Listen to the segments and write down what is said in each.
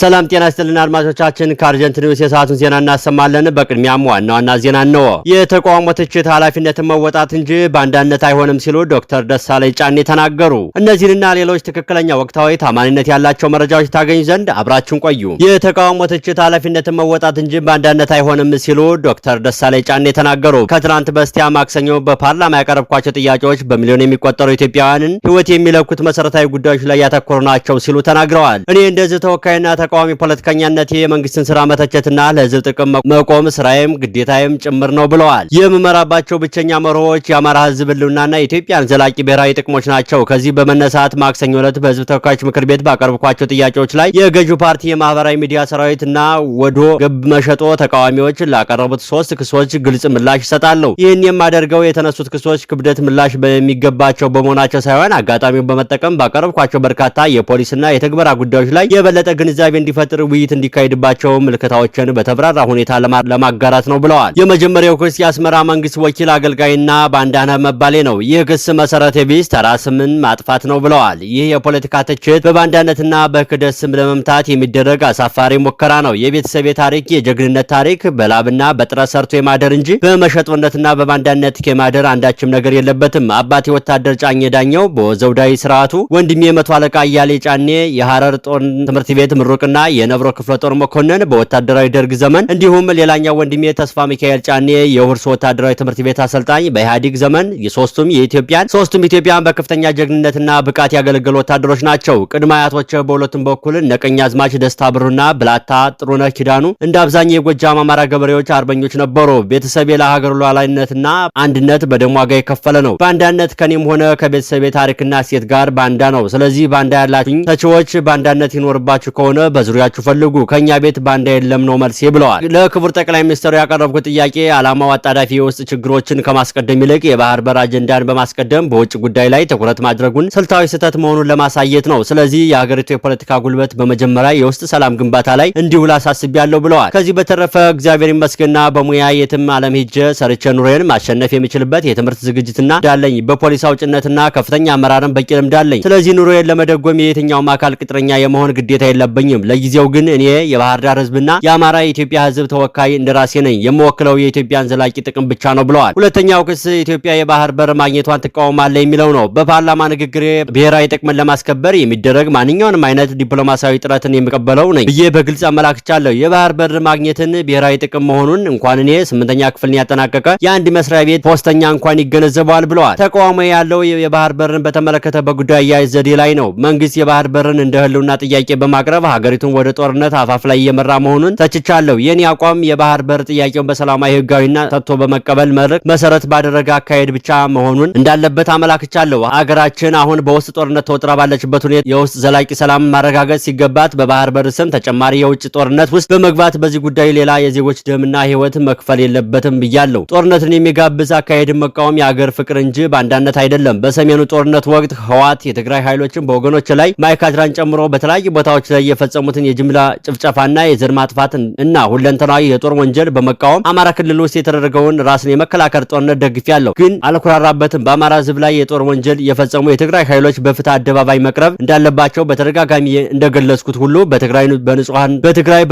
ሰላም ጤና ስትልና አድማጮቻችን፣ ከአርጀንቲና ውስጥ የሰዓቱን ዜና እናሰማለን። በቅድሚያም ዋና ዋና ዜና ነው። የተቃውሞ ትችት ኃላፊነትን መወጣት እንጂ በአንዳነት አይሆንም ሲሉ ዶክተር ደሳለኝ ጫኔ ተናገሩ። እነዚህንና ሌሎች ትክክለኛ ወቅታዊ ታማኒነት ያላቸው መረጃዎች ታገኙ ዘንድ አብራችን ቆዩ። የተቃውሞ ትችት ኃላፊነትን መወጣት እንጂ በአንዳነት አይሆንም ሲሉ ዶክተር ደሳለኝ ጫኔ ተናገሩ። ከትናንት በስቲያ ማክሰኞ በፓርላማ ያቀረብኳቸው ጥያቄዎች በሚሊዮን የሚቆጠሩ ኢትዮጵያውያንን ሕይወት የሚለኩት መሰረታዊ ጉዳዮች ላይ ያተኮሩ ናቸው ሲሉ ተናግረዋል። እኔ እንደዚህ ተወካይና ተቃዋሚ ፖለቲከኛነት የመንግስትን ስራ መተቸትና ለህዝብ ጥቅም መቆም ስራዬም ግዴታዬም ጭምር ነው ብለዋል። የምመራባቸው ብቸኛ መርሆዎች የአማራ ህዝብ ህልውናና የኢትዮጵያን ዘላቂ ብሔራዊ ጥቅሞች ናቸው። ከዚህ በመነሳት ማክሰኞ ዕለት በህዝብ ተወካዮች ምክር ቤት ባቀረብኳቸው ጥያቄዎች ላይ የገዢው ፓርቲ የማህበራዊ ሚዲያ ሰራዊትና ወዶ ገብ መሸጦ ተቃዋሚዎች ላቀረቡት ሶስት ክሶች ግልጽ ምላሽ ይሰጣለሁ። ይህን የማደርገው የተነሱት ክሶች ክብደት ምላሽ በሚገባቸው በመሆናቸው ሳይሆን አጋጣሚውን በመጠቀም ባቀረብኳቸው በርካታ የፖሊስና የተግበራ ጉዳዮች ላይ የበለጠ ግንዛቤ እንዲፈጥር ውይይት እንዲካሄድባቸው ምልከታዎችን በተብራራ ሁኔታ ለማጋራት ነው ብለዋል። የመጀመሪያው ክስ የአስመራ መንግስት ወኪል አገልጋይና ባንዳነህ መባሌ ነው። ይህ ክስ መሰረተ ቢስ ተራ ስምን ማጥፋት ነው ብለዋል። ይህ የፖለቲካ ትችት በባንዳነትና በክደት ስም ለመምታት የሚደረግ አሳፋሪ ሙከራ ነው። የቤተሰቤ ታሪክ የጀግንነት ታሪክ በላብና በጥረት ሰርቶ የማደር እንጂ በመሸጦነትና በባንዳነት የማደር አንዳችም ነገር የለበትም። አባቴ ወታደር ጫኜ ዳኘው በዘውዳዊ ስርዓቱ፣ ወንድሜ መቶ አለቃ እያሌ ጫኔ የሐረር ጦር ትምህርት ቤት ምሩ መብሩቅና የነብሮ ክፍለ ጦር መኮንን በወታደራዊ ደርግ ዘመን እንዲሁም ሌላኛው ወንድሜ ተስፋ ሚካኤል ጫኔ የሁርሶ ወታደራዊ ትምህርት ቤት አሰልጣኝ በኢህአዴግ ዘመን የሶስቱም የኢትዮጵያን ሶስቱም ኢትዮጵያን በከፍተኛ ጀግንነትና ብቃት ያገለገሉ ወታደሮች ናቸው። ቅድመ አያቶቸው በሁለቱም በኩል ነቀኛ አዝማች፣ ደስታ ብሩና ብላታ ጥሩነ ኪዳኑ እንደ አብዛኛው የጎጃም አማራ ገበሬዎች አርበኞች ነበሩ። ቤተሰቤ ለሀገር ሉዓላዊነትና አንድነት በደም ዋጋ የከፈለ ነው። ባንዳነት ከኔም ሆነ ከቤተሰቤ ታሪክና እሴት ጋር ባንዳ ነው። ስለዚህ ባንዳ ያላችሁኝ ተችዎች ባንዳነት ይኖርባችሁ ከሆነ በዙሪያችሁ ፈልጉ፣ ከኛ ቤት ባንዳ የለም ነው መልሴ ብለዋል። ለክቡር ጠቅላይ ሚኒስትሩ ያቀረብኩት ጥያቄ ዓላማው አጣዳፊ የውስጥ ችግሮችን ከማስቀደም ይልቅ የባህር በር አጀንዳን በማስቀደም በውጭ ጉዳይ ላይ ትኩረት ማድረጉን ስልታዊ ስህተት መሆኑን ለማሳየት ነው። ስለዚህ የሀገሪቱ የፖለቲካ ጉልበት በመጀመሪያ የውስጥ ሰላም ግንባታ ላይ እንዲውል አሳስቤያለሁ ብለዋል። ከዚህ በተረፈ እግዚአብሔር ይመስገንና በሙያ የትም ዓለም ሄጄ ሰርቼ ኑሬን ማሸነፍ የሚችልበት የትምህርት ዝግጅትና እንዳለኝ በፖሊስ አውጭነትና ከፍተኛ አመራርን በቂ ልምድ አለኝ። ስለዚህ ኑሮዬን ለመደጎም የየትኛውም አካል ቅጥረኛ የመሆን ግዴታ የለብኝም። አልገኝም። ለጊዜው ግን እኔ የባህር ዳር ህዝብና የአማራ የኢትዮጵያ ህዝብ ተወካይ እንደራሴ ነኝ። የምወክለው የኢትዮጵያን ዘላቂ ጥቅም ብቻ ነው ብለዋል። ሁለተኛው ክስ ኢትዮጵያ የባህር በር ማግኘቷን ትቃወማለ የሚለው ነው። በፓርላማ ንግግሬ ብሔራዊ ጥቅምን ለማስከበር የሚደረግ ማንኛውንም አይነት ዲፕሎማሲያዊ ጥረትን የሚቀበለው ነኝ ብዬ በግልጽ አመላክቻለሁ። የባህር በር ማግኘትን ብሔራዊ ጥቅም መሆኑን እንኳን እኔ ስምንተኛ ክፍልን ያጠናቀቀ የአንድ መስሪያ ቤት ፖስተኛ እንኳን ይገነዘበዋል ብለዋል። ተቃውሞ ያለው የባህር በርን በተመለከተ በጉዳይ አያያዝ ዘዴ ላይ ነው። መንግስት የባህር በርን እንደ ህልውና ጥያቄ በማቅረብ ሀገር ሀገሪቱን ወደ ጦርነት አፋፍ ላይ እየመራ መሆኑን ተችቻለሁ። የኔ አቋም የባህር በር ጥያቄውን በሰላማዊ ህጋዊና ሰጥቶ በመቀበል መርህ መሰረት ባደረገ አካሄድ ብቻ መሆኑን እንዳለበት አመላክቻለሁ። ሀገራችን አሁን በውስጥ ጦርነት ተወጥራ ባለችበት ሁኔታ የውስጥ ዘላቂ ሰላም ማረጋገጥ ሲገባት በባህር በር ስም ተጨማሪ የውጭ ጦርነት ውስጥ በመግባት በዚህ ጉዳይ ሌላ የዜጎች ደምና ህይወት መክፈል የለበትም ብያለሁ። ጦርነትን የሚጋብዝ አካሄድን መቃወም የአገር ፍቅር እንጂ በአንዳነት አይደለም። በሰሜኑ ጦርነት ወቅት ህዋት የትግራይ ኃይሎችን በወገኖች ላይ ማይካድራን ጨምሮ በተለያዩ ቦታዎች ላይ የፈጸ የፈጸሙትን የጅምላ ጭፍጨፋና የዘር ማጥፋት እና ሁለንተናዊ የጦር ወንጀል በመቃወም አማራ ክልል ውስጥ የተደረገውን ራስን የመከላከል ጦርነት ደግፌያለሁ፣ ግን አልኩራራበትም። በአማራ ህዝብ ላይ የጦር ወንጀል የፈጸሙ የትግራይ ኃይሎች በፍትህ አደባባይ መቅረብ እንዳለባቸው በተደጋጋሚ እንደገለጽኩት ሁሉ በትግራይ በንጹሃን በትግራይ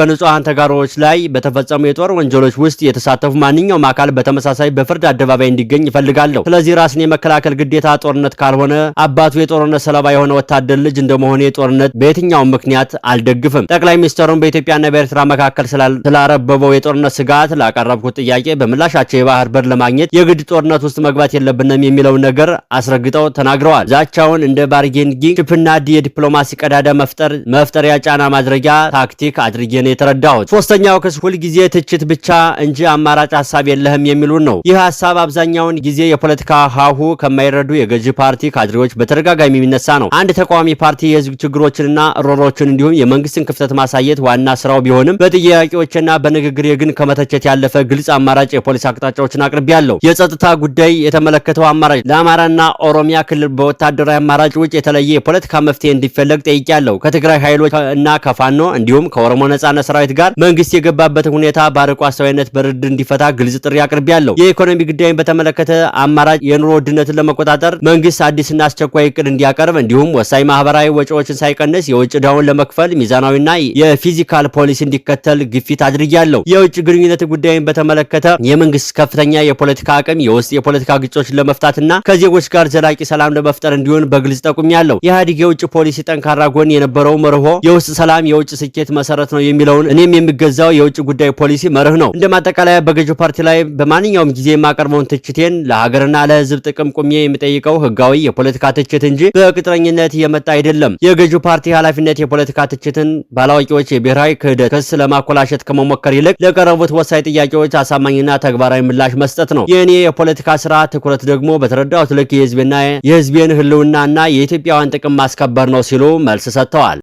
ተጋሮዎች ላይ በተፈጸሙ የጦር ወንጀሎች ውስጥ የተሳተፉ ማንኛውም አካል በተመሳሳይ በፍርድ አደባባይ እንዲገኝ ይፈልጋለሁ። ስለዚህ ራስን የመከላከል ግዴታ ጦርነት ካልሆነ አባቱ የጦርነት ሰለባ የሆነ ወታደር ልጅ እንደመሆኔ ጦርነት በየትኛውም ምክንያት አልደ አይደግፍም። ጠቅላይ ሚኒስትሩም በኢትዮጵያና በኤርትራ መካከል ስላረበበው የጦርነት ስጋት ላቀረብኩት ጥያቄ በምላሻቸው የባህር በር ለማግኘት የግድ ጦርነት ውስጥ መግባት የለብንም የሚለው ነገር አስረግጠው ተናግረዋል። ዛቻውን እንደ ባርጌንጊ ችፕና የዲፕሎማሲ ቀዳዳ መፍጠር መፍጠሪያ ጫና ማድረጊያ ታክቲክ አድርጌ ነው የተረዳሁት። ሶስተኛው ክስ ሁልጊዜ ትችት ብቻ እንጂ አማራጭ ሀሳብ የለህም የሚሉን ነው። ይህ ሀሳብ አብዛኛውን ጊዜ የፖለቲካ ሀሁ ከማይረዱ የገዢ ፓርቲ ካድሬዎች በተደጋጋሚ የሚነሳ ነው። አንድ ተቃዋሚ ፓርቲ የህዝብ ችግሮችንና ሮሮችን እንዲሁም የመንግስት የመንግስትን ክፍተት ማሳየት ዋና ስራው ቢሆንም በጥያቄዎችና በንግግር ግን ከመተቸት ያለፈ ግልጽ አማራጭ የፖሊስ አቅጣጫዎችን አቅርቢ ያለው የጸጥታ ጉዳይ የተመለከተው አማራጭ ለአማራና ኦሮሚያ ክልል በወታደራዊ አማራጭ ውጭ የተለየ የፖለቲካ መፍትሄ እንዲፈለግ ያለው ከትግራይ ኃይሎች እና ከፋኖ እንዲሁም ከኦሮሞ ነጻነት ሰራዊት ጋር መንግስት የገባበትን ሁኔታ በአርቆ አስተዋይነት በርድ እንዲፈታ ግልጽ ጥሪ ያለው የኢኮኖሚ ጉዳይን በተመለከተ አማራጭ የኑሮ ውድነትን ለመቆጣጠር መንግስት አዲስና አስቸኳይ እቅድ እንዲያቀርብ እንዲሁም ወሳኝ ማህበራዊ ወጪዎችን ሳይቀንስ የውጭ ዕዳውን ለመክፈል ሚዛ ሚዛናዊና የፊዚካል ፖሊሲ እንዲከተል ግፊት አድርጊያለሁ። የውጭ ግንኙነት ጉዳይን በተመለከተ የመንግስት ከፍተኛ የፖለቲካ አቅም የውስጥ የፖለቲካ ግጭቶችን ለመፍታትና ከዜጎች ጋር ዘላቂ ሰላም ለመፍጠር እንዲሆን በግልጽ ጠቁሚያለሁ። የኢህአዴግ የውጭ ፖሊሲ ጠንካራ ጎን የነበረው መርሆ የውስጥ ሰላም የውጭ ስኬት መሰረት ነው የሚለውን እኔም የሚገዛው የውጭ ጉዳይ ፖሊሲ መርህ ነው። እንደ ማጠቃለያ በገዢው ፓርቲ ላይ በማንኛውም ጊዜ የማቀርበውን ትችቴን ለሀገርና ለህዝብ ጥቅም ቁሜ የሚጠይቀው ህጋዊ የፖለቲካ ትችት እንጂ በቅጥረኝነት የመጣ አይደለም። የገዢው ፓርቲ ኃላፊነት የፖለቲካ ትችት ድርጅትን ባላዋቂዎች የብሔራዊ ክህደት ክስ ለማኮላሸት ከመሞከር ይልቅ ለቀረቡት ወሳኝ ጥያቄዎች አሳማኝና ተግባራዊ ምላሽ መስጠት ነው። የእኔ የፖለቲካ ስራ ትኩረት ደግሞ በተረዳሁት ልክ የህዝብና የህዝቤን ህልውናና የኢትዮጵያውያን ጥቅም ማስከበር ነው ሲሉ መልስ ሰጥተዋል።